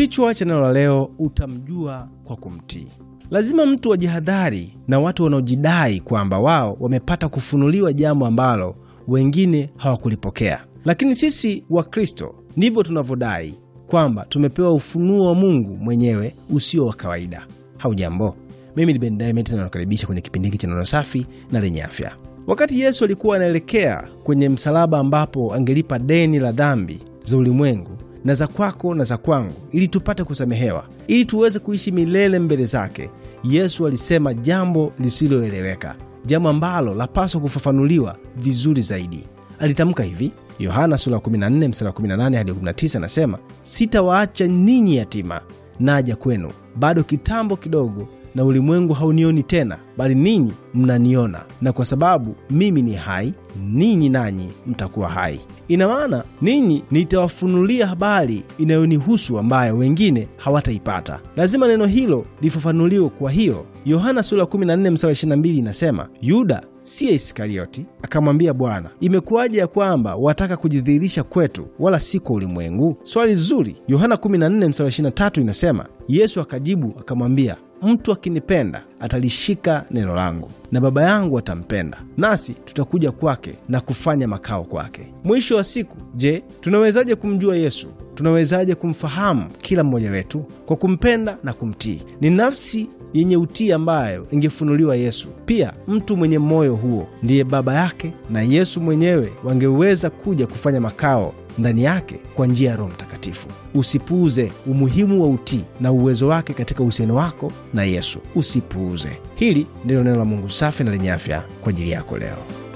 Kichwa cha neno la leo, utamjua kwa kumtii. Lazima mtu wajihadhari na watu wanaojidai kwamba wao wamepata kufunuliwa jambo ambalo wengine hawakulipokea. Lakini sisi Wakristo ndivyo tunavyodai kwamba tumepewa ufunuo wa Mungu mwenyewe usio wa kawaida. Haujambo, mimi ni Ben Diamond na nakaribisha kwenye kipindi hiki cha neno safi na lenye afya. Wakati Yesu alikuwa anaelekea kwenye msalaba, ambapo angelipa deni la dhambi za ulimwengu na za kwako na za kwangu, ili tupate kusamehewa, ili tuweze kuishi milele mbele zake. Yesu alisema jambo lisiloeleweka, jambo ambalo lapaswa kufafanuliwa vizuri zaidi. Alitamka hivi, Yohana sura 14 mstari 18 hadi 19, anasema sitawaacha ninyi yatima, naja kwenu. Bado kitambo kidogo na ulimwengu haunioni tena, bali ninyi mnaniona, na kwa sababu mimi ni hai, ninyi nanyi mtakuwa hai. Ina maana ninyi nitawafunulia habari inayonihusu ambayo wengine hawataipata. Lazima neno hilo lifafanuliwe. Kwa hiyo Yohana sura 14 mstari 22 inasema, Yuda siye Iskarioti, akamwambia Bwana, imekuwaje ya kwamba wataka kujidhihirisha kwetu wala si kwa ulimwengu? Swali zuri. Yohana 14 mstari 23 inasema, Yesu akajibu akamwambia, mtu akinipenda atalishika neno langu, na Baba yangu atampenda, nasi tutakuja kwake na kufanya makao kwake. Mwisho wa siku, je, tunawezaje kumjua Yesu? Tunawezaje kumfahamu? Kila mmoja wetu kwa kumpenda na kumtii. Ni nafsi yenye utii ambayo ingefunuliwa Yesu. Pia mtu mwenye moyo huo ndiye Baba yake na Yesu mwenyewe wangeweza kuja kufanya makao ndani yake kwa njia ya Roho Mtakatifu. Usipuuze umuhimu wa utii na uwezo wake katika uhusiano wako na Yesu. Usipuuze hili. Ndilo neno la Mungu safi na lenye afya kwa ajili yako leo.